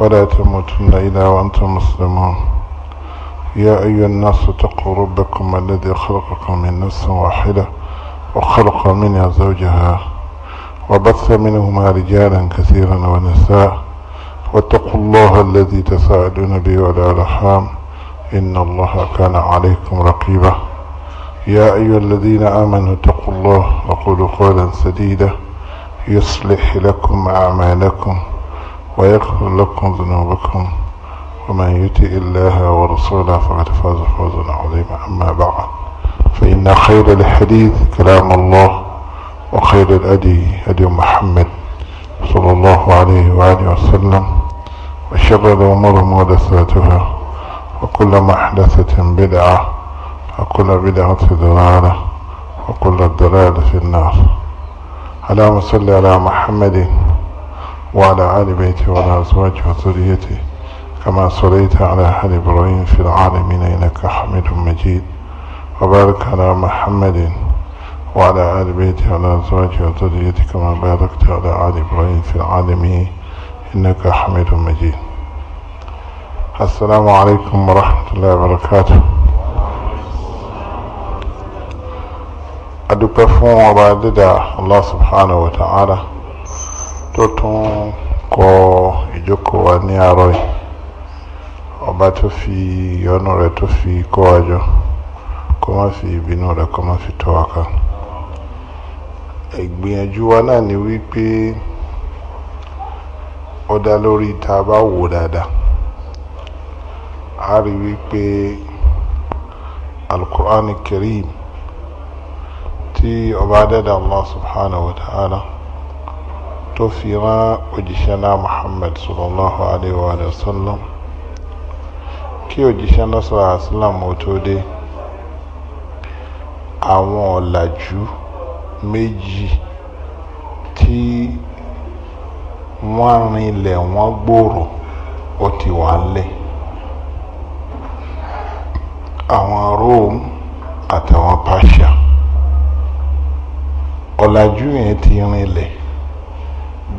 ولا تموتن إلا وأنتم مسلمون يا أيها الناس اتقوا ربكم الذي خلقكم من نفس واحدة وخلق منها زوجها وبث منهما رجالا كثيرا ونساء واتقوا الله الذي تساعدون به والأرحام إن الله كان عليكم رقيبا يا أيها الذين آمنوا اتقوا الله وقولوا قولا سديدا يصلح لكم أعمالكم ويغفر لكم ذنوبكم ومن يطع الله ورسوله فقد فاز فوزا عظيما أما بعد فإن خير الحديث كلام الله وخير الأدي هدي محمد صلى الله عليه وآله وسلم وشر الأمور محدثاتها وكل محدثة بدعة وكل بدعة ضلالة وكل الضلالة في النار اللهم صل على محمد وعلى آل بيته وعلى أزواجه وذريته كما صليت على آل إبراهيم في العالمين إنك حميد مجيد وبارك على محمد وعلى آل بيته وعلى أزواجه وذريته كما باركت على آل إبراهيم في العالمين إنك حميد مجيد السلام عليكم ورحمة الله وبركاته أدو fún ọba الله سبحانه وتعالى tó tún kọ ìjókòó wa ní àárọ̀ yìí ọba tó fi ìyọ́nú rẹ̀ tó fi kó wa jọ kó má fi ìbínú rẹ̀ kó má fi tọ́ wa ká ìgbìyànjú wa náà ni wípé ó dá lórí tá a bá wò dáadáa a rí wípé alukur'an kirim tí ọba dẹ́dà Allah subhanahu wa ta'ala tó fi rán òjíṣẹ́ náà muhammad sallallahu alayhi wa sallam kí òjíṣẹ́ náà sallallahu alayhi wa sallam ó tó dé àwọn ọ̀làjú méjì tí wọ́n rinlẹ̀ wọ́n gbòòrò ó ti wà ńlẹ̀ àwọn Rome àtàwọn Persia ọ̀làjú yẹn ti rinlẹ̀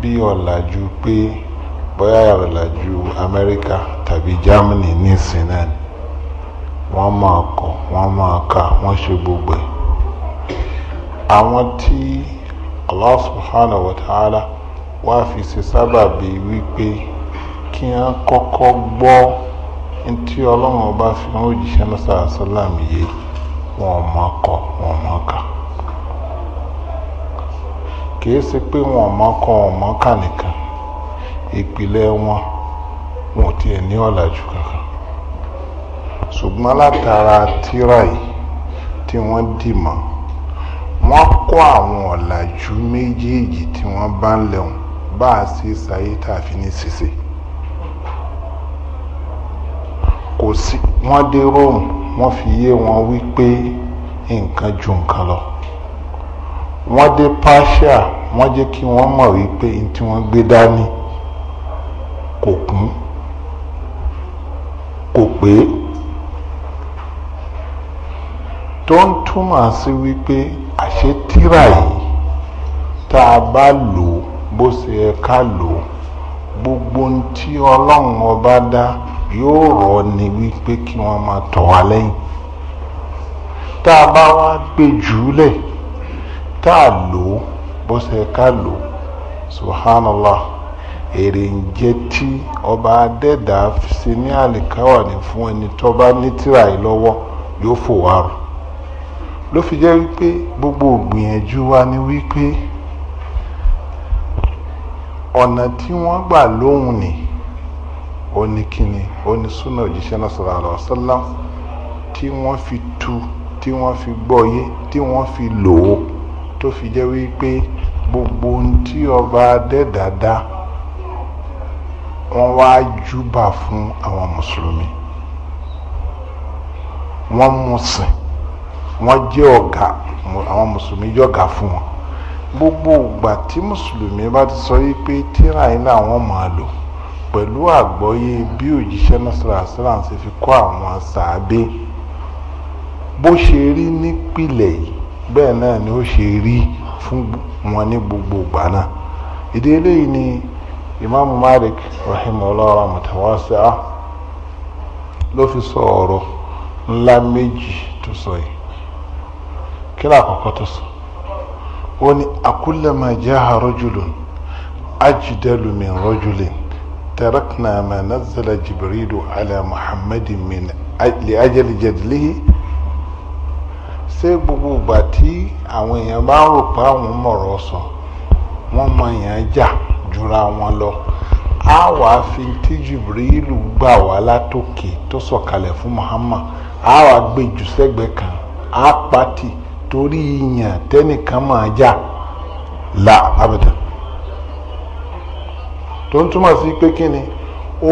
bí ọ̀làjú pé bóyá ọ̀làjú amẹ́ríkà tàbí germany nísìn náà ni wọ́n máa kọ̀ wọ́n máa kà wọ́n ṣe gbogbo ẹ̀ àwọn tí Allah subhanahu wa ta'ala wá fi ṣe sábàbí wípé kí wọ́n kọ́kọ́ gbọ́ ntí ọlọ́run ọba fi hàn òjíṣẹ́ náà sàásálàmù yìí wọ́n máa kọ̀ wọ́n máa kà kìí ṣe pé wọn mọ kọ ọmọ kà nìkan ìpìlẹ̀ wọn wọn ò tiẹ̀ ní ọ̀làjú kankan ṣùgbọ́n látara tíra yìí tí wọ́n dì mọ́ wọ́n kó àwọn ọ̀làjú méjèèjì tí wọ́n bá ń lẹ̀wọ̀n bá a ṣe ṣayé tá ní ṣíṣe kò sí wọ́n dé Rome wọ́n fi yé wọn wípé nǹkan ju nǹkan lọ wọ́n dé Persia wọ́n jẹ́ kí wọ́n mọ̀ wípé n tí wọ́n gbé dání kò kún kò pé tó ń túmọ̀ sí wípé àṣẹ tíra yìí tá a bá lò bó ṣe yẹ ká lò gbogbo ohun tí ọlọ́run ọba dá yóò rọ ni wípé kí wọ́n máa tọ̀ wá lẹ́yìn tá a bá wá gbé jùúlẹ̀ tá a lò ó bó ṣe ká lò ó subhanallah èrè ń jẹ́ tí ọba adẹ́dà ṣe ní àlìkáwà ní fún ẹni tó bá ní tírà yìí lọ́wọ́ yóò fò wá rò ló fi jẹ́ wípé gbogbo ògbìyànjú wa ni wípé ọ̀nà tí wọ́n gbà lóhùn ni ó ní kíni ó ní súnà òjíṣẹ́ náà sallallahu alaihi wasallam tí wọ́n fi tu tí wọ́n fi gbọ́yé tí wọ́n fi lò ó tó fi jẹ́ wípé gbogbo ohun tí ọba adẹ́dàdá wọ́n wá júbà fún àwọn mùsùlùmí wọ́n mú sìn wọ́n jẹ́ ọ̀gá àwọn mùsùlùmí jọ̀gá fún wọn gbogbo ìgbà tí mùsùlùmí bá ti sọ yìí pé tíra yìí làwọn máa lò pẹ̀lú àgbọ́yé bí òjíṣẹ́ náà sọ́ra ṣe fi kọ́ àwọn sàábé bó ṣe rí nípìnlẹ̀ yìí bẹ́ẹ̀ náà ni ó ṣe rí fún wọn ní gbogbo ìgbà náà ìdí eléyìí ni imaamu malik rahimahullah mutawasi'a ló fi sọ ọ̀rọ̀ ńlá méjì tó sọ yìí kí ni àkọ́kọ́ tó sọ ó ní akullama jaha rajulun ajdalu min rajulin tarakna ma nazzala jibrilu ala muhammadin ṣé gbogbo ìgbà tí àwọn èèyàn bá rò pé àwọn mọ̀rọ̀ sàn wọ́n mọ èèyàn jà jura wọn lọ á wàá fi tí Jibrilu gbà wá látòkè tó sọ̀kalẹ̀ fún Muhammad á wàá gbé jù sẹ́gbẹ̀ẹ́ kan á pati torí ìyàn tẹ́nìkan máa jà là abẹ́tẹ̀ tó ń túmọ̀ sí pé kí ni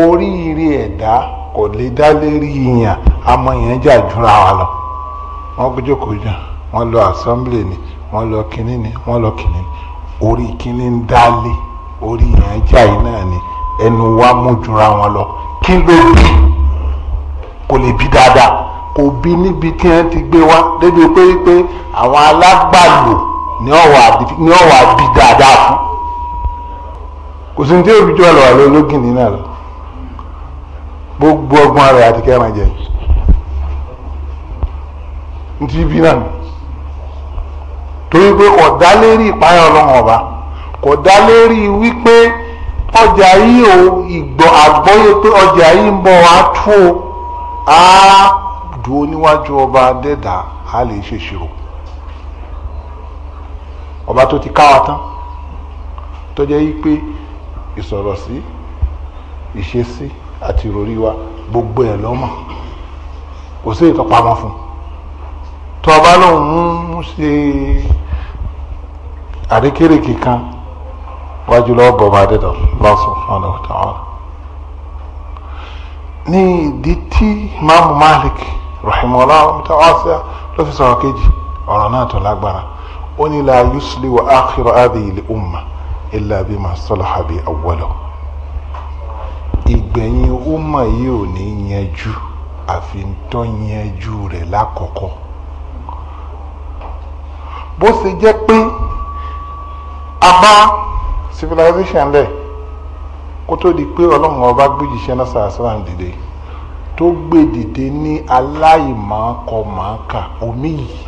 oríire ẹ̀dá kò lè dá lérí ìyàn àmọ́ èèyàn jà jura wa lọ wọ́n jókòó jàn wọ́n lọ assembly ni wọ́n lọ kínní ni wọ́n lọ kínní ni orí kínní ń dálé orí yẹn jáì náà ni ẹnu wa mú jura wọn lọ kí ló bí kò lè bí dáadáa kò bí níbi tí wọ́n ti gbé wá débi pé pé àwọn alágbàlù ni ọ̀wà bí dáadáa fún kò sí ní tí òbí jọ lọ́wọ́ lọ́gìn nínú àlọ́ gbogbo ọgbọ́n rẹ̀ àti kẹ́rin jẹ́ yìí ntí bí náà torí pé kò dá lérí ìpáyà ọlọ́run ọba kò dá lérí wípé ọjà yìí ò ìgbọ́ àgbọ́yé pé ọjà yìí ń bọ̀ wá tú o á dúró níwájú ọba dẹ́dà á lè ṣe ṣirò ọba tó ti káwa tán tó jẹ́ yí pé ìsọ̀rọ̀ sí ìṣesí àti ìròrí wa gbogbo ẹ̀ lọ́mọ kò sí ìtọ́pamọ́ fún un tó ọba lòun ń ṣe àríkèrèkè kan wájú lọ́wọ́ bọ̀bá adẹ́dọ̀ lọ́sùn fúnra ọ̀tá ọ̀rọ̀ ní ìdí tí imaamu malik rahimola mutawasa ló fi sọ̀rọ̀ kejì ọ̀rọ̀ náà tó lágbára ó ní la yusli wa akhiru adìyí li umma illa bima salaha bi awwalahu ìgbẹ̀yìn umma yìí ò ní yanjú àfi ń tọ́ yanjú rẹ̀ lákọ̀ọ́kọ́ bó ṣe jẹ́ pé a bá civilization lẹ̀ kó tó di pé ọlọ́run ọba gbéjìṣẹ́ náà sàrásàrán dìde tó gbé dìde ní aláìmọ̀ọ́kọ̀mọ̀ọ́kà omi yìí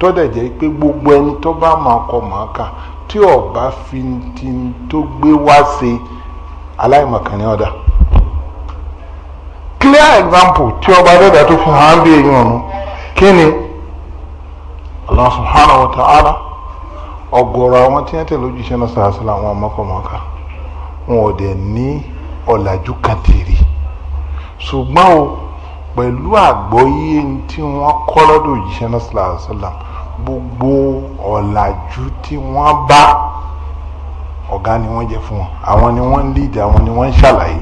tó dẹ̀ jẹ́ pé gbogbo ẹni tó bá mọ̀ọ́kọ̀mọ̀ọ́kà tí ọba fi ti tó gbé wá ṣe aláìmọ̀ọ́kà ọ̀dà clear example tí ọba dẹ́dà tó fi hàn án bí èèyàn ọ̀run kí ni. Allah subhanahu wa ta'ala ọ̀gọ̀rọ̀ àwọn tí wọ́n tẹ̀ lójú iṣẹ́ náà sàásìlà àwọn ọmọkọ̀mọ́ká wọn ò dẹ̀ ní ọ̀làjú kan tèrè ṣùgbọ́n o pẹ̀lú àgbọ́yé tí wọ́n kọ́ lọ́dọ̀ òjíṣẹ́ náà sàásìlà gbogbo ọ̀làjú tí wọ́n bá ọ̀gá ni wọ́n jẹ́ fún wọn àwọn ni wọ́n ń lídìí àwọn ni wọ́n ń ṣàlàyé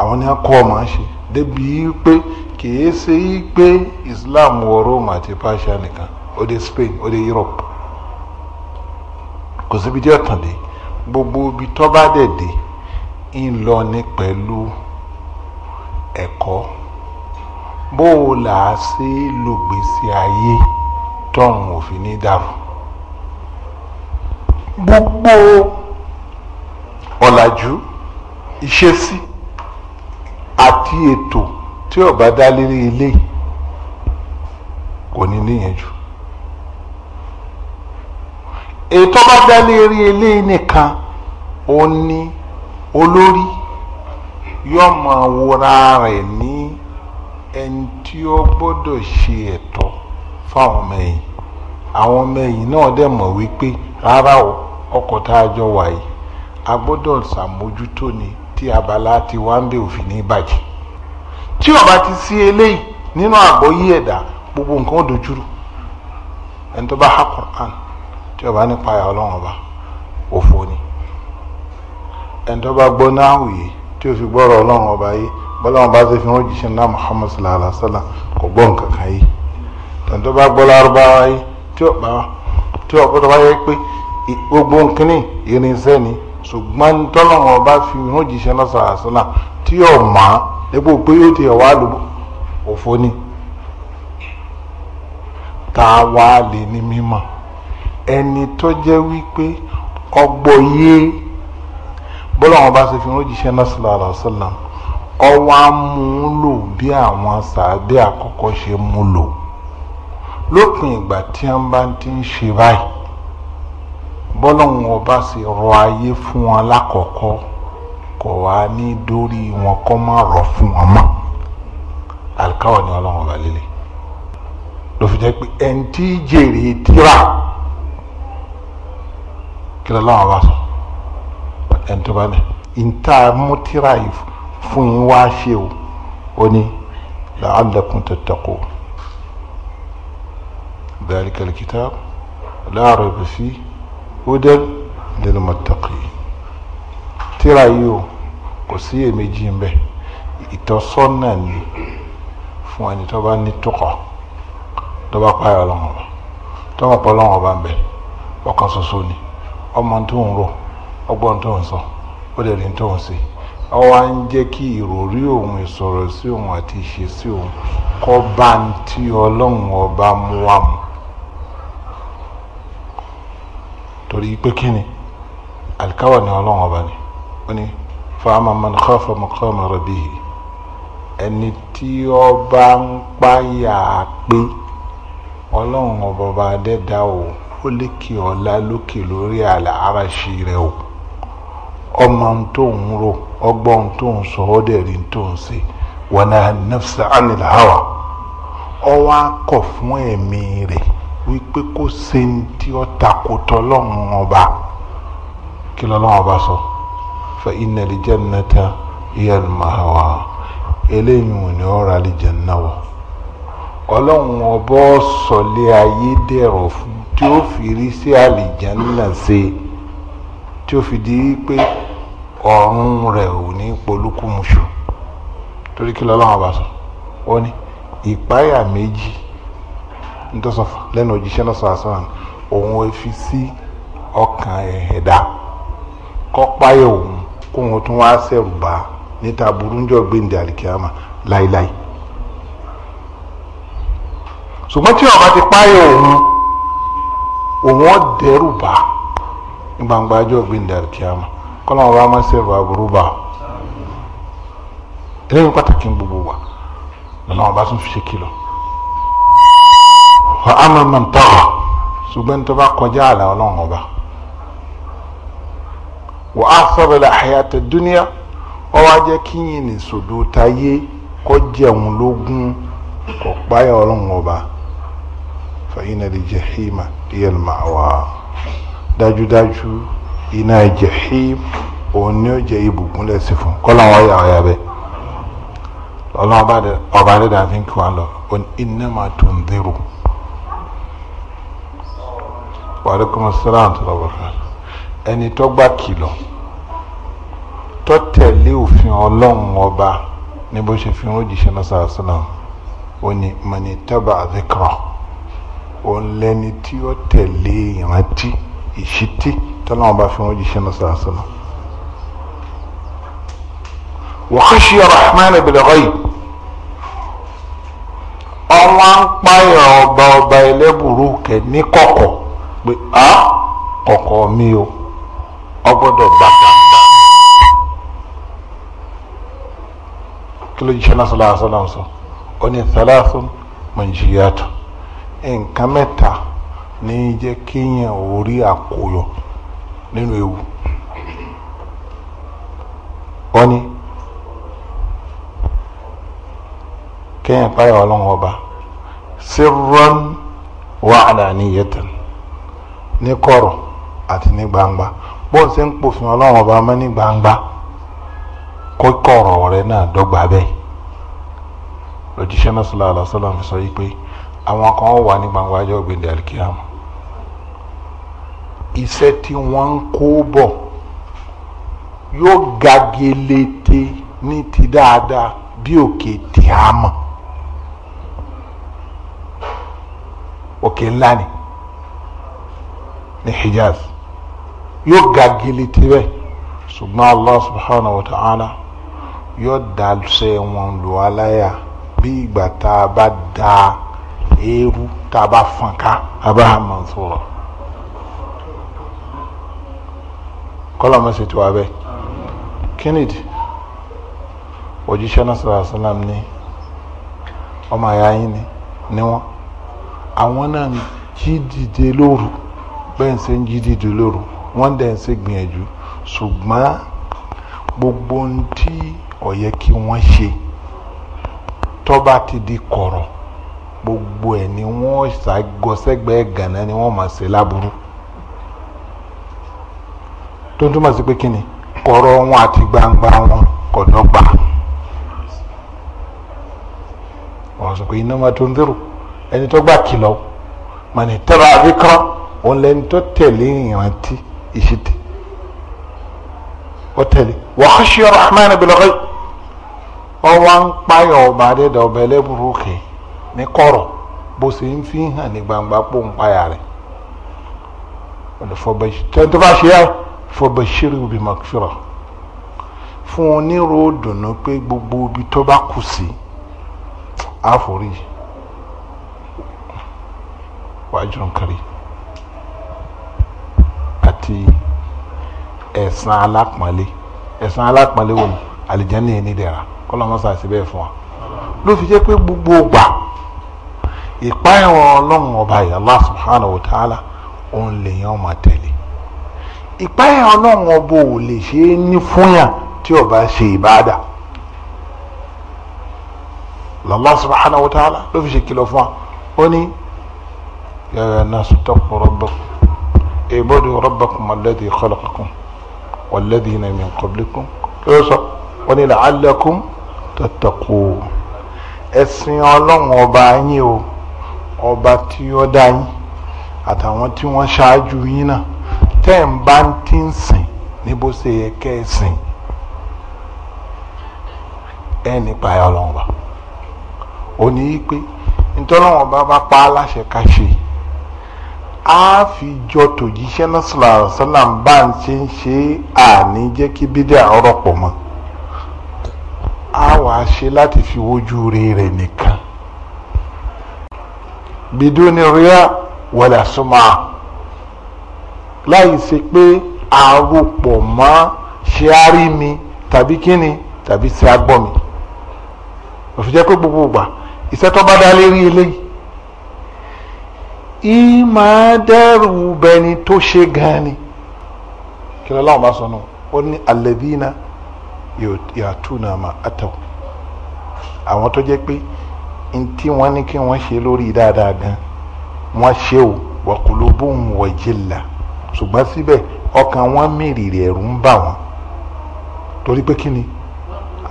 àwọn ni wọ́n kọ́ ọmọ ṣe débi pé kìí ṣe pé Islam wọ Rome àti Persia nìkan ó dé Spain ó dé Europe kò síbi tí ọ̀tàn dé gbogbo ibi tó bá dẹ̀ dé ń lọ ní pẹ̀lú ẹ̀kọ́ bó o là á sí lògbèsè ayé tọ́run òfin ní dàrú gbogbo ọ̀làjú ìṣesí àti ètò tí ó bá dá lérí ilé kò ní níyànjú ètò bá dálé eré ilé nìkan ó ní olórí yóò máa wòra rẹ̀ ní ẹni tí ó gbọ́dọ̀ ṣe ẹ̀tọ́ fáwọn ọmọ ẹ̀yìn àwọn ọmọ ẹ̀yìn náà dẹ̀ mọ̀ wípé rárá o ọkọ̀ tá a jọ wà a gbọ́dọ̀ ṣàmójútó ni tí abala ti wá ń bẹ òfin ní bàjẹ́ tí ó ti sí eléyìí nínú àgbọ́yé ẹ̀dá gbogbo nǹkan ó dojúrú ẹni tó bá há Quran tí o bá ní payà ọlọ́run ọba òfò ni ẹni tó bá gbọ́ náà yìí tí o fi gbọ́rọ̀ ọlọ́run ọba yìí bọ́lọ́run bá ti fi hàn jíṣẹ́ náà Muhammad sallallahu alaihi wa sallam kò gbọ́ nǹkan kan yìí ẹni tó bá gbọ́ lárúbáwá yìí tí o tí o tó bá yẹ pé gbogbo nkíní irinṣẹ́ ni ṣùgbọ́n tọ́lọ́run ọba fi hàn jíṣẹ́ náà sallallahu alaihi wa sallam tí o mọ̀ á epo pé yóò ti wá lóbó òfò ni tá a wá lè ní mímọ́ ẹni tó jẹ́ wípé ọgbọ̀yé bọ́lá wọn bá ṣe fi ránṣẹ́ náà sallallahu alaihi wasallam ọwọ́ á mú un lò bí àwọn sàádé àkọ́kọ́ ṣe mú lò lópin ìgbà tí wọ́n bá ti ń ṣe báyìí bọ́lá wọn bá ṣe rọ ayé fún wọn lákọ̀ọ́kọ́ kò wá ní dórí wọn kọ́ máa rọ̀ fún wọn mọ́ àlùkáwọ̀ ni ọlọ́run ọba lélẹ̀ ló fi jẹ́ pé tí jèrè tíra kílọ̀ lọ́wọ́ bá sọ ẹni tó bá ní ìta mútírà yìí fún yín wá ṣe o ó ní la'allakum tattaqun dhalika al-kitab la rayba fihi hudan lil-muttaqin tíra yìí o kò sí èméjì ń bẹ ìtọ́sọ́nà ni fún ẹni tó bá ní tókọ̀ tó bá pààyà ọlọ́run tó bá pààyà ọlọ́run ọba ń bẹ ọ̀kan ṣoṣo ni ọmọ tó ń rò ọgbọ́n tó ń sọ ó dẹ̀ ní tó ń ṣe ọ wá ń jẹ́ kí ìròrí òun ìsọ̀rọ̀ sí òun àti ìṣe sí òun kọ́ bá ń tí ọlọ́run ọba mú wá mu torí pé kí ni alikawa ni ọlọ́run ọba ni ó ní fàámà man khafa maqama rabbihi ẹni tí ọba ń páyà pé ọlọ́run ọba bá dẹ́ dá òun ó lékè ọ̀la lókè lórí àlà ara ṣe rẹ̀ o ọmọ ń tó ń ro ọgbọ́n ń tó ń sọ ọ́ dẹ̀ rí tó ń ṣe wọnà nafsa anil hawa ọ wá kọ̀ fún ẹ̀mí rẹ̀ wípé kó ṣe ń tí ó takòtọ́ lọ́rùn ọba kí lọ́rùn ọba sọ fa inna al jannata hiya al mahawa eléyìí ò ní ọ̀rọ̀ àlìjẹ́ náà wọ̀ ọlọ́run ọbọ̀ sọ̀lẹ̀ ayé dẹ̀rọ̀ fún tí ó fi rí sí àlìjánná ṣe tí ó fi di pé ọ̀run rẹ̀ ò ní polúkúmuṣu torí kí lọ́lọ́run ọba sọ ó ní ìpáyà méjì ntọ́sọ̀fà lẹ́nu òjíṣẹ́ náà sọ àṣọ òun fi sí ọkàn ẹ̀ẹ́dá kọ́páyà òun kóun tún wá ṣẹ̀rù bá níta burújọ́ gbẹ̀ǹdẹ̀ àlìkíyàmà láíláí ṣùgbọ́n tí ọba ti páyọ̀ òun òun dẹ́rù bá gbangba ajọ́ gbẹ̀ndàrí kíámà kọ́lá wọn bá máa ṣe ẹ̀rọ aburú bá eléyìí pàtàkì gbogbo wa nana wọn tún fi ṣe kìlọ̀ wà á máa máa tọ́ ṣùgbọ́n tó bá kọjá àlà ọlọ́run ọba wà á sọ̀rọ̀ la hayata dúníà ọ wá jẹ́ kí yìnyín sòdò táyé kọjá òun lógún kọ̀ọ̀páyà ọlọ́run ọba. فإن الجحيم هي المأوى داجو داجو إنا الجحيم òní ó jẹ ibùgúnlẹ̀ sí fún kọ́lọ́n wọ́n yà ọ̀yà bẹ́ẹ̀ ọlọ́run ọba adẹ́dà fi ń kí wọn lọ iná máa tó ń dérò wàlúkọ́mọ sọ́làmù tó lọ́wọ́ kan ẹni tó gbà kìlọ̀ tó tẹ̀lé òfin ọlọ́run ọba ní bó ṣe fi ń rojì ṣe náà sàrà sọ́làmù ó ní mọ̀nì tábà àdékọ́rọ̀ òun lẹni tí ó tẹ̀lé ìrántí ìṣítí tọ́lọ́wọ́n bá fi wọ́n jíṣẹ́ náà sàásánà. wa khashiya rahman bil ghaib ọwọ́ ń páyà ọba ọba ẹlẹ́bùrú kẹ̀ ní kọ̀kọ̀ pé á kọ̀kọ̀ mi o ọgbọ́dọ̀ bá gbàgbà. kí ló jíṣẹ́ náà sọ́lá àṣọ náà ó ní thalathun manjiyatun. nǹkan mẹ́ta ní jẹ́ kéèyàn ò rí àkóyọ nínú ewu wọ́n ní kéèyàn páyà ọlọ́run ọba sirran wa alaniyatan ní kọ̀rọ̀ àti ní gbangba bóun ṣe ń pòfin ọlọ́run ọba mọ́ ní gbangba kó kọ̀rọ̀ rẹ̀ náà dọ́gba bẹ́ẹ̀ lójúṣẹ́ náà sallallahu alaihi wasallam sọ àwọn kan wà ní gbangba ọjọ́ gbèdé alikiyama iṣẹ́ tí wọ́n ń kó bọ̀ yóò ga ní ti dáadáa bí òkè tí a mọ̀ òkè ńlá ni ní Hijaz yóò ga gelete bẹ́ẹ̀ ṣùgbọ́n Allah subhanahu wa ta'ala yóò dàlùsẹ̀ wọn lù aláyà bí ìgbà tá a bá dáa eérú tá a bá fọn ká abraham mansour kọlọmọ sì tó abẹ kennedy òjíṣẹ́ náà sọ̀rọ̀ àṣàlám ní ọmọ àyà yín ni ni wọ́n àwọn náà ń jí dìde lóru bẹ́ẹ̀ ń ṣe ń jí dìde lóru wọ́n dẹ̀ ń ṣe gbìyànjú ṣùgbọ́n gbogbo ohun tí ó kí wọ́n ṣe tó ti di kọ̀rọ̀ gbogbo ẹ̀ ni wọ́n ṣàgọ́sẹ́gbẹ̀ẹ́ gànà ni wọ́n máa ṣe láburú tó ń túmọ̀ sí pé kí ni kọ̀rọ̀ wọn àti gbangba wọn kò dọ́gba wọ́n sọ pé iná máa tó ń dérò ẹni tó gbà kìlọ̀ màní tẹ́lá àbíkọ́ òun lẹni tó tẹ̀lé ìrántí ìṣìtì ó tẹ̀lé wa khashiya rahman bil ghaib ọwọ́ ń payọ̀ ọba adẹ́dàá ọba ní kọ̀rọ̀ bó ṣe ń fi hàn ní gbangba pò ń payà rẹ̀ tẹ́ni tó bá ṣe yá fọbẹ̀ṣẹ́rì òbí mọ̀kìfìrà fún un ní ròdùnú pé gbogbo ibi tó bá kù sí àforí wájú nkiri àti ẹ̀san alápọ̀nlé ẹ̀san alápọ̀nlé wò ni àlìjẹ́ ní ẹni dẹ̀ra kọ́lọ́mọ́sá sí bẹ́ẹ̀ fún wa ló fi jẹ́ pé gbogbo ògbà ìpáyà wọn ọlọ́run ọba yìí Allah subhanahu wa ta'ala òun lèèyàn máa tẹ̀lé ìpáyà ọlọ́run ọba ò lè ṣe é ní fúnyà tí ó bá ṣe ìbáàdà Allah subhanahu wa ta'ala ló fi ṣe kìlọ̀ fún wa ó ní ya ayyuhan nas ittaqu rabbakum i'budu rabbakum alladhi khalaqakum walladhina min qablikum yóò sọ ó ní la'allakum tattaqun ẹ̀sìn ọlọ́run ọba yín o ọba tí ó dá yín àtàwọn tí wọ́n ṣáájú yín náà tẹ́ ń bá ń tí ń sìn ní bó ṣe yẹ kẹ́ ẹ sìn ẹ nípa ẹ ọlọ́run wa ò ní í pé ntọ́lọ́wọ́n bá bá pa á láṣẹ ká ṣe á fi jọ tòjíṣẹ́ náà sọ̀rọ̀ sọ́là bá ń ṣe ń ṣe àní jẹ́ kí bídẹ́ àrọ́pọ̀ mọ́ á wàá ṣe láti fi wojú rere nìkan bidúni ríà wàlà súnmọ́ láì ṣe pé àròpọ̀ mọ́ ṣe á rí mi tàbí kíni tàbí ṣe á gbọ́ mi òfin jẹ́ pé gbogbo ìgbà iṣẹ́ tó bá dá lérí eléyìí ìmọ̀ dẹ́rù bẹni tó ṣe gan ni kí ló láwọn bá sọ nù ó ní alẹ́dínà yàtúnà mà átàwọn àwọn tó jẹ́ pé ntí wọ́n ní kí wọ́n ṣe lórí dáadáa gan wọ́n ṣe o wa qulubuhum wajilla ṣùgbọ́n síbẹ̀ ọkàn wọn mìrìrì ẹ̀rù ń bà wọ́n torí pé kí ni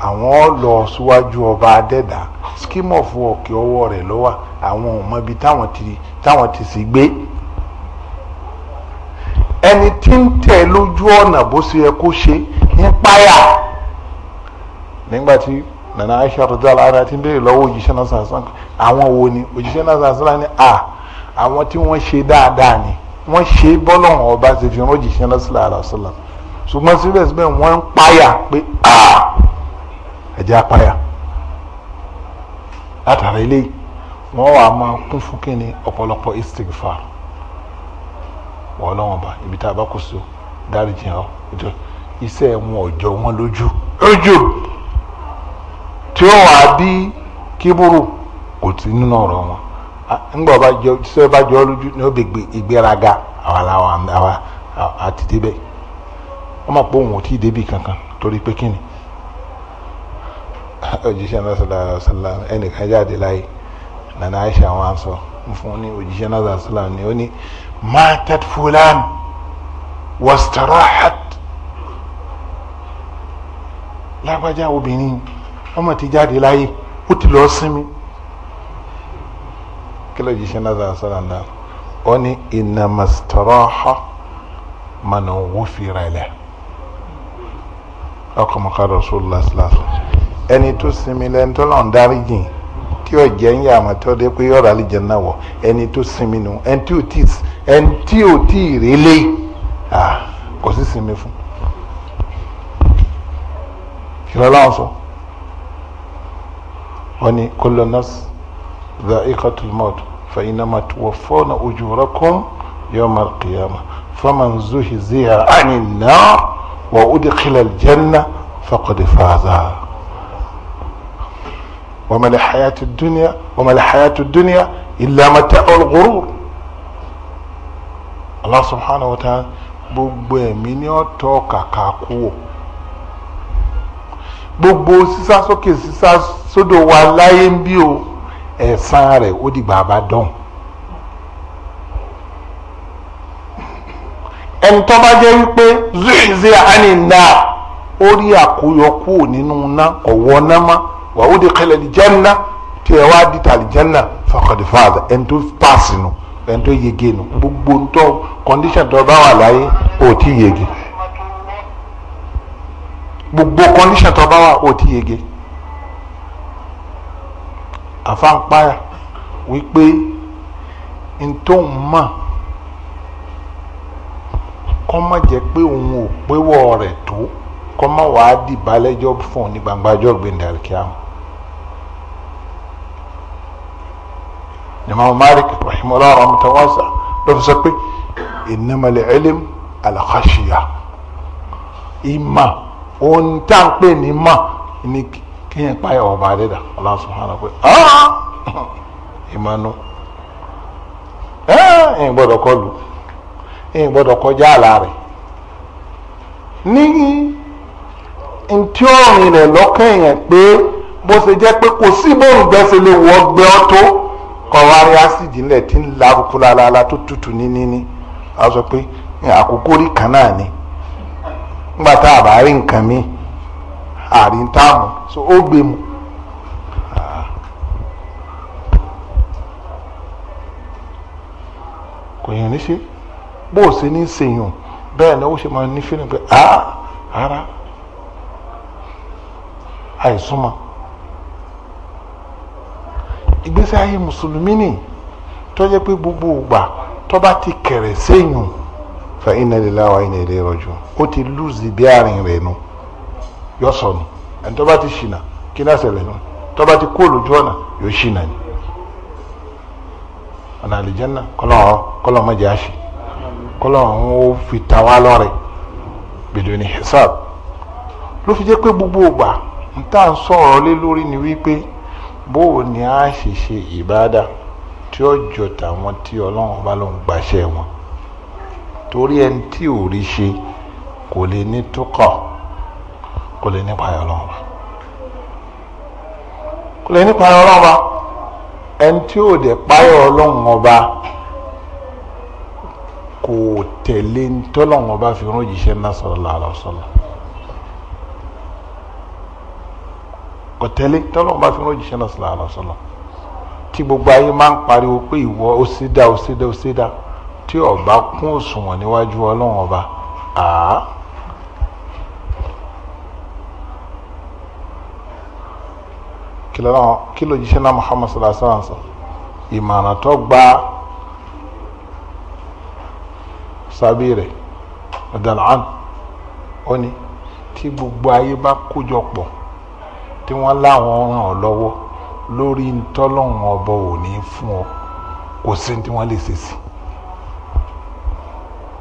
àwọn lọ síwájú ọba adẹ́dà scheme of work ọwọ́ rẹ̀ lọ́wọ́ àwọn ò mọ ibi táwọn ti táwọn ti sì gbé ẹni tí ń tẹ̀ lójú ọ̀nà bó ṣe yẹ kó ṣe ń páyà nígbà tí nana aisha rọdí alára ti ń béèrè lọ́wọ́ òjíṣẹ́ náà sàásán àwọn wo ni òjíṣẹ́ náà sàásán ni a àwọn tí wọ́n ṣe dáadáa ni wọ́n ṣe bọ́lọ̀hún ọba ṣe fi rán òjíṣẹ́ náà sílẹ̀ àlàsílẹ̀ ṣùgbọ́n síbẹ̀síbẹ̀ wọ́n ń páyà pé ah, a ẹ̀jẹ̀ apáyà látara ilé wọ́n wà máa kún fún kíni ọ̀pọ̀lọpọ̀ istigfar wọ́n lọ́wọ́n ba ibi tá a bá kó so dáríjì hàn iṣẹ́ wọn ọ̀jọ̀ wọn lójú tí ó wàá bí kíburu kò sí nínú ọ̀rọ̀ wọn ńgbà ọba jọ tí ọba jọ lójú ní ọbẹ ìgbéraga àwa làwa àwa àti débẹ̀ wọn máa pọ òun ò tí ì débi kankan torí pé kíni òjíṣẹ́ náà sallallahu alaihi wasallam ẹnìkan jáde láyé nana Aisha wọn sọ fún ní òjíṣẹ́ náà sallallahu alaihi ni ó ní matat fulan wastarahat lágbájá obìnrin ọmọ ti jáde láyé ó ti lọ sinmi kílò jíṣẹ́ náà sọ̀rọ̀ náà ó ní ìnàmọ̀sítọ́rọ́hà mọ̀nà wúfìrà ilẹ̀ ọkọ̀mọ̀ká rasulullah sallallahu ẹni tó sinmi lẹ́ni tó lọ́n dárí jìn tí ó jẹ́ ń yà àmọ́ tí ó dé pé yọ̀rọ̀ àlejò náà wọ̀ ẹni tó sinmi nù ẹni tí ò tí ì rélé kò sí sinmi fún kí وني كل الناس ذائقة الموت فإنما توفون أجوركم يوم القيامة فمن زهزها عن النار وأدخل الجنة فقد فاز وما لحياة الدنيا وما لحياة الدنيا إلا متاع الغرور الله سبحانه وتعالى بوبي مينيو توكا كاكو gbogbo sísá sókè sísá sódò wa láyé ń bí o ẹ̀san rẹ̀ ó dìgbà bá dán. ẹni tó bá jẹ́ wípé zuizi ani náà ó rí àkóyọkú nínú ná ọ̀wọ́ ná má wà ó di kẹlẹ̀ di jẹ́nà tí ẹ wá di tàlí jẹ́nà fàkàdé fàdà ẹni tó pàṣẹ nù ẹni tó yege nù gbogbo ntọ́ kọ́ndíṣàn tó bá wà láyé ó ti yege gbogbo condition tó bá wà ó ti yege àfáǹpá wípé ntòun mọ̀ kọ́ má jẹ́ pé òun ò péwọ́ rẹ̀ tó kọ́ má wàá dìbálẹ́jọ́ fún un ní gbangba ọjọ́ gbẹ̀ndàríkíá. Imam Malik rahimahullah rahmatan ló fi sọ pé innamal ilm al-khashiyah ìmọ̀. òun tá ń pè ní mà ní kéèyàn páyà ọba àdẹ́dà Allah pé ìmọ̀nù ẹ̀yìn gbọ́dọ̀ kọ lù ẹ̀yìn gbọ́dọ̀ kọjá ja rẹ̀ ní ntí ọ̀rìn rẹ̀ lọ́kàn yẹn pé bó ṣe jẹ́ pé kò sí bóun gbẹ́sẹ̀ lè wọ́ gbẹ́ ọ́ tó kọ̀wá rí ásìdì tí ń la kúkú tó tutù a sọ pé àkókò rí kan náà ni. ńgbà tá a bá rí nǹkan mi àárín táàmù so ó gbé mu. kò yàn ní ṣe bó o ṣe ní ṣèyàn bẹ́ẹ̀ náà ó ṣe máa ní fílẹ̀ pé a ah, rárá àìsúnmọ́ ìgbésí ayé mùsùlùmí nì tó jẹ́ pé gbogbo ìgbà tó bá ti kẹ̀rẹ̀ séyùn fa inna lillahi wa inna ilayhi raji'un o ti lùzì bí àárín rẹ̀ nu yọ sọnù ẹni tó bá ti ṣìnà kí ní àṣẹ rẹ̀ nu tó bá ti kó olùjọ ọ̀nà yóò ṣìnà ni ọ̀nà àlìjẹ́nà kọ́lọ́ọ̀ kọ́lọ́ọ̀ mọ̀jẹ̀ àṣì kọ́lọ́ọ̀ ó fi ta wá lọ́rẹ̀ bìdùnì hisab ló fi jẹ́ pé gbogbo ògbà n tá à ń lé lórí ni wípé bóò ni a ṣe ṣe ìbáadà tí ó jọ tàwọn tí ọlọ́run bá ló ń gbàṣẹ wọn torí ẹni tí ò rí ṣe kò lè ní tókọ̀ kò lè nípa ọlọ́run wa kò lè nípa ọlọ́run wa ẹni tí ò dẹ̀ páyọ̀ ọlọ́run ọba kò tẹ̀lé ntọ́lọ́run ọba fi rán òjíṣẹ́ náà sallallahu alaihi wasallam kò tẹ̀lé ntọ́lọ́run ọba fi rán òjíṣẹ́ náà sallallahu alaihi wasallam tí gbogbo ayé máa ń pariwo pé ìwọ ó sì dá ó sì dá ó sì dá tí ọba kún òṣùwọ̀n níwájú ọlọ́run ọba àá. kí ló jíṣẹ́ náà Muhammad sallallahu alaihi wa sallam ìmọ̀ràn tó gba sábì rẹ̀ ọ̀dàlán ó ní tí gbogbo ayé bá kójọ pọ̀ tí wọ́n láwọn ràn ọ́ lọ́wọ́ lórí ntọ́lọ́run ọba ò ní fún ọ kò sí ní tí wọ́n lè ṣe sí i.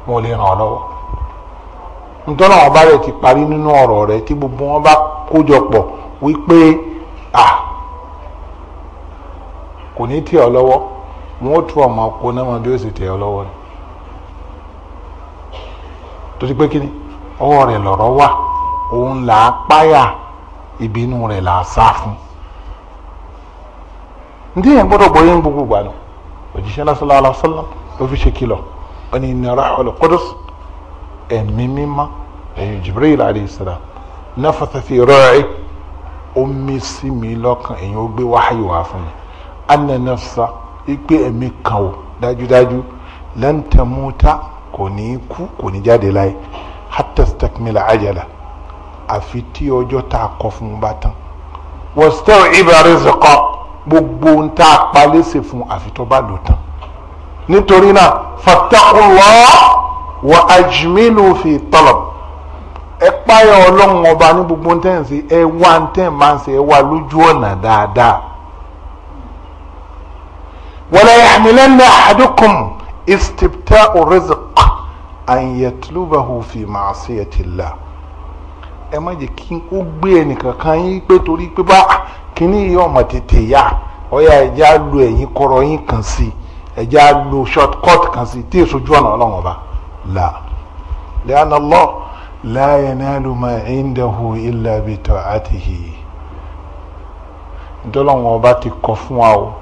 wọn ò lè ràn ọ́ lọ́wọ́ ntọ́nà ọba rẹ̀ ti parí nínú ọ̀rọ̀ tí gbogbo wọn bá kójọ pọ̀ wípé kò ní tì ọ́ wọn ó tú ọmọ ọkọ náà wọn bí ó sì ni torí pé kíni ọwọ́ rẹ wà òun là á páyà ìbínú rẹ là á sá fún ndí yẹn wọ́n ní inna rahul qudus ẹ̀mí mímọ́ ẹ̀yìn Jibril alayhi salam nafatha fi ru'i omi sí mi lọ́kàn èyàn ó gbé wáhàyè wá fún mi anna nafsa ipe ẹ̀mí kan o dájúdájú lan tamuta kò ní kú kò ní jáde láyé hatta stakmila ajala àfi tí ọjọ́ tá a kọ fún un bá tán wastaw'iba rizqa gbogbo ń tá a palẹ́sẹ̀ fún àfi tó bá lò nítorí náà fattaqullah wa ajmilu fi talab ẹ páyà ọlọ́run ọba ní gbogbo ń tẹ̀ ń sí ẹ wá ń tẹ̀ máa ń sí ẹ wá lójú ọ̀nà dáadáa. wala yahmilanna ahadukum istibta'u rizq an yatlubahu fi ma'siyatillah ẹ má jẹ́ kí ó gbé ẹnìkankan yín pé torí pé bá ah, kíní yìí ọmọ tètè yá ọ̀yà ẹ̀já lu ẹ̀yìn kọ̀rọ̀ yín kan sí i ẹ̀jẹ̀ á lo short cut kan sí tí èso ojú ọ̀nà ọlọ́run ọba là lẹ́yìn lọ́ láàyè náà ló máa ń dẹ̀hu illa bi ta'atihi dọ́lọ́run ọba ti kọ fún wa o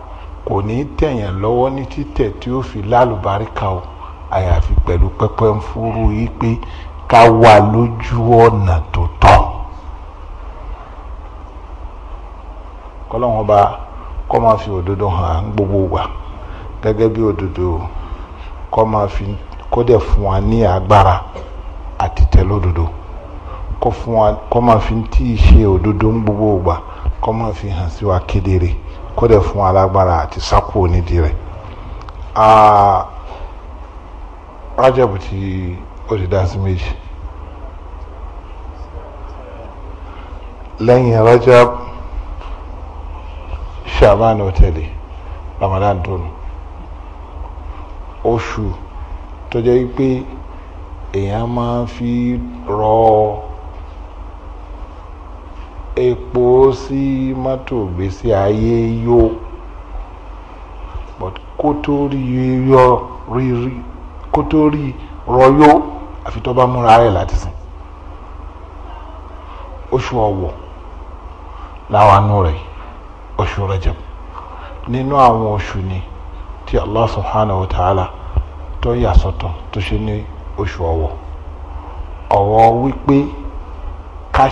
kò ní tẹ̀yàn lọ́wọ́ ní títẹ̀ tí ó fi lálùbáríkà o àyàfi pẹ̀lú pẹpẹ ń fúru yìí pé ká wà lójú ọ̀nà tó tọ́ kọ́lọ́run ọba kọ́ máa fi òdodo hàn án gbogbo wa gẹ́gẹ́ bí òdodo kó máa fi kó dẹ̀ fún wa ní agbára àti tẹ̀lódodo kó fún wa kó máa fi tí ì ṣe òdodo ń gbogbo ògbà kó máa fi hàn sí wa kedere kó dẹ̀ fún wa lágbára àti sákò nídìí rẹ̀ rájàbù tí ó ti dá sí méjì lẹ́yìn rájàbù ṣàbánà ó Ramadan tó nù oṣù tó jẹ́ wípé èèyàn máa ń fi rọ epo sí mọ́tò gbèsè ayé yó but kó tó rí yọ rírí kó tó rí rọyó àfi tó bá múra rẹ̀ láti sìn oṣù ọ̀wọ̀ láwọn anú rẹ̀ oṣù Rajab nínú àwọn oṣù ni. No, tí allah subhanahu wa ta'ala tó yà sọ́tọ̀ tó ṣe ní oṣù ọwọ ọ̀wọ̀ wípé ká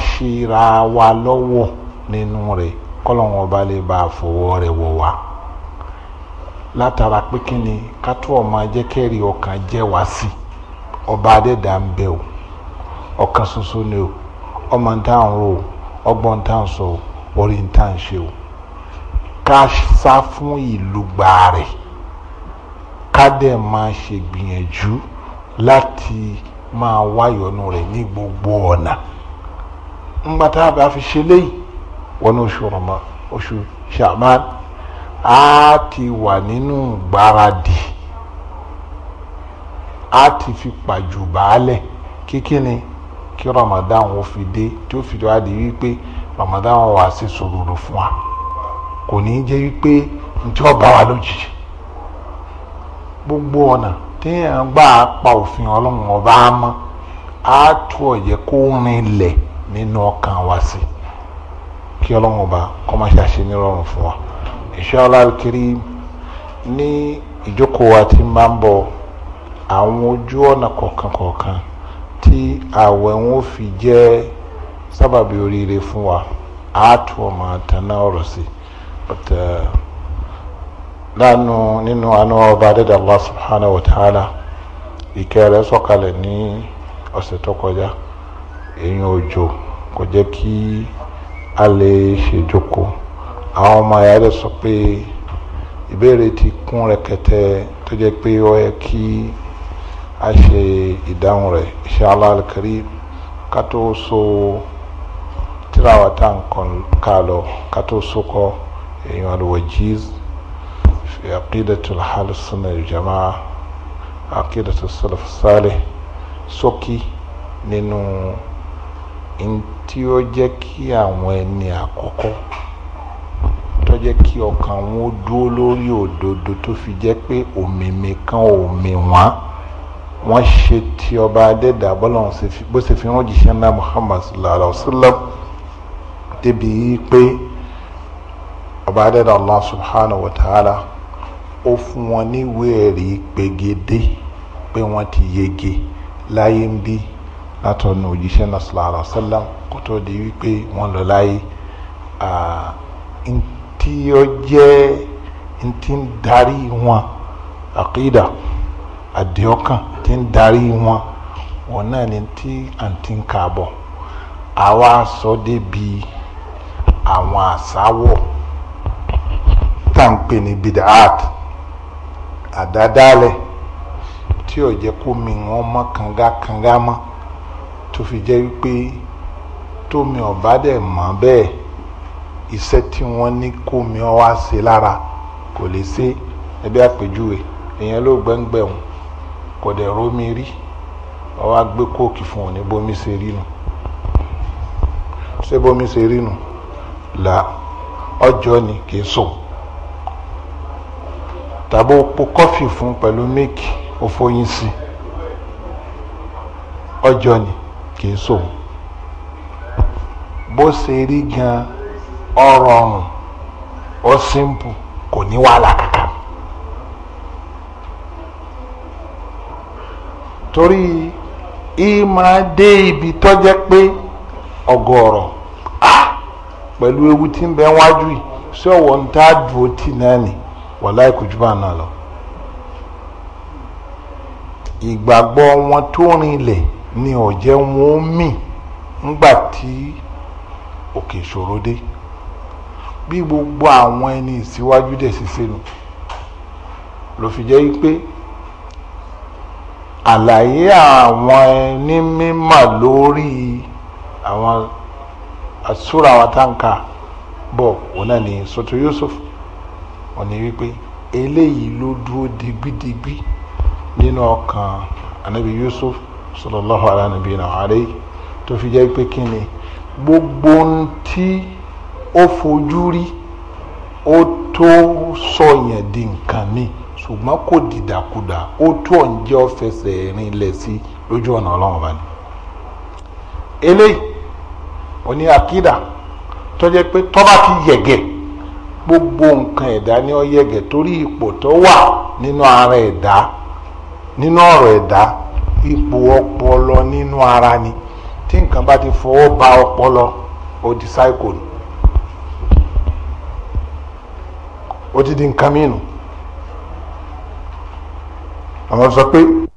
wa lọ́wọ́ nínú rẹ̀ kọ́lọ́wọ́n ọba lè bá fọwọ́ rẹ̀ wá látara pé kí ni ká ọba ń bẹ o ni o ro fún ìlú ká dẹ̀ máa ṣègbìyànjú láti máa wá ìyọ́nú rẹ̀ ní gbogbo ọ̀nà ńgbà tá a bá fi ṣe léyìí wọnú oṣù rọmọ oṣù shaman a ti wà nínú gbáradì a ti fi pàjù baálẹ̀ kíkíni kí Ramadan ó fi dé tí ó fi wá di wípé Ramadan wà sí sòròrò fún wa kò ní jẹ́ wípé ntí ọba wa lójijì gbogbo ọ̀nà téèyàn gbà pa òfin ọlọ́run ọba mọ́ á tó ọ̀yẹ́ kó rinlẹ̀ nínú ọkàn wa sí kí ọlọ́run ọba kó má ṣàṣe nírọ̀rùn fún wa insha Allah al-karim ní ìjókòó wa ti máa ń bọ̀ àwọn ojú ọ̀nà kọ̀ọ̀kan kọ̀ọ̀kan tí àwẹ̀ wọn fi jẹ́ sábàbí oríire fún wa á tó ọmọ àtàná ọ̀rọ̀ sí but. Uh, láàánú nínú àánú ọba adẹ́dàá Allah subhanahu wa ta'ala ìkẹ́ rẹ̀ sọ̀kalẹ̀ ní ọ̀sẹ̀ tó kọjá èyàn òjò kò jẹ́ kí a lè ṣèjókòó àwọn ọmọ ẹ̀yà rẹ̀ sọ pé ìbéèrè ti kún rẹ̀kẹ̀tẹ̀ tó jẹ́ pé ó yẹ kí a ṣe ìdáhùn rẹ̀ inshallah al-karim ká tó so tá à ń lọ ká so kọ èyàn al-wajiz. في عقيدة الحال السنة الجماعة عقيدة السلف الصالح sókí nínú tí ó jẹ́ kí àwọn ẹni àkọ́kọ́ tó jẹ́ kí ọkàn wọn dúró lórí òdodo tó fi jẹ́ pé òmìmì kan òmì wọ́n wọ́n ṣe ti ọba adẹ́dà bọ́lá bó ṣe fi rán jíṣẹ́ náà Muhammad sallallahu alayhi wa sallam débi pé ọba adẹ́dà Allah subhanahu wa ta'ala ó fún wọn níwèé ẹ̀rí pegedé pé wọ́n ti yege láyé ń bí látọ̀nà òjíṣẹ́ náà sallallahu alaihi wasallam kó tó di wípé wọ́n lọ láyé ntí ó jẹ́ ntí ń darí wọn àkídà àdéhọ́kàn tí ń darí wọn wọn náà ni tí àǹtí ń kààbọ̀ àwa sọ débi àwọn àsáwọ̀ tá à ń pè ní bidaat àdádálẹ̀ tí ò jẹ́ kó mi wọn mọ́ kangakanga mọ́ tó fi jẹ́ wípé tómi ọ̀bá dẹ̀ mọ́ bẹ́ẹ̀ iṣẹ́ tí wọ́n ní kó mi ọ wá ṣe lára kò lè ṣe ẹbí àpèjúwe èèyàn ló gbẹ́ngbẹ̀hún kò dẹ̀ rómi rí ọ wá kóòkì fún òní bómi ṣe rí nu ṣé bómi ṣe rí nu là ọjọ́ ni kì í sùn tàbí o po kọfì fún pẹ̀lú míìkì o fọyín sí ọjọ́ ni kì í sòun bó ṣe rí gan ọrọ̀ ọ̀run ó simple kò ní wàhálà kankan torí ìmọ̀ dé ibi tọ́jẹ́ pé ọgọ́rọ̀ ah, pẹ̀lú ewu tí ń bẹ wájú yìí ṣé ọ̀wọ́n ń tá dúró tì náà nìyí wàláì kò jù bá náà lọ ìgbàgbọ́ wọn tó rinlẹ̀ ni ọ̀jẹ̀ wọn ó mì ńgbà tí òkè ìṣòro dé bí gbogbo àwọn ẹni ìsíwájú dẹ̀ ṣiṣẹ́ nu ló fi jẹ́ pé àlàyé àwọn ẹni mímọ̀ lórí àwọn àsúra àwọn táǹkà bọ̀ òun náà ní sọ́tò Yusuf òní wípé eléyìí ló dúró digbidigbi nínú ọkàn anabi yusuf sallallahu alayhi wa alayhi tó fi jẹ́ pé kí ni gbogbo tí ó fojú rí ó tó sọyàn di nǹkan ni ṣùgbọ́n kò dìdàkudà ó tó ọ̀njẹ́ ọ̀fẹsẹ̀ rinlẹ̀ sí lójú ọ̀nà ọlọ́run bá ní. eléyìí oní akídà tó jẹ́ pé tọ́ba ti yẹ̀gẹ̀ gbogbo nǹkan ẹ̀dá ní ọyẹ́gẹ̀ torí ipò tó wà nínú ara ẹ̀dá nínú ọ̀rọ̀ ẹ̀dá ipò ọpọlọ nínú ara ni tí nǹkan bá ti fọwọ́ ba ọpọlọ ó di psycho ni mìíràn àwọn sọ pé.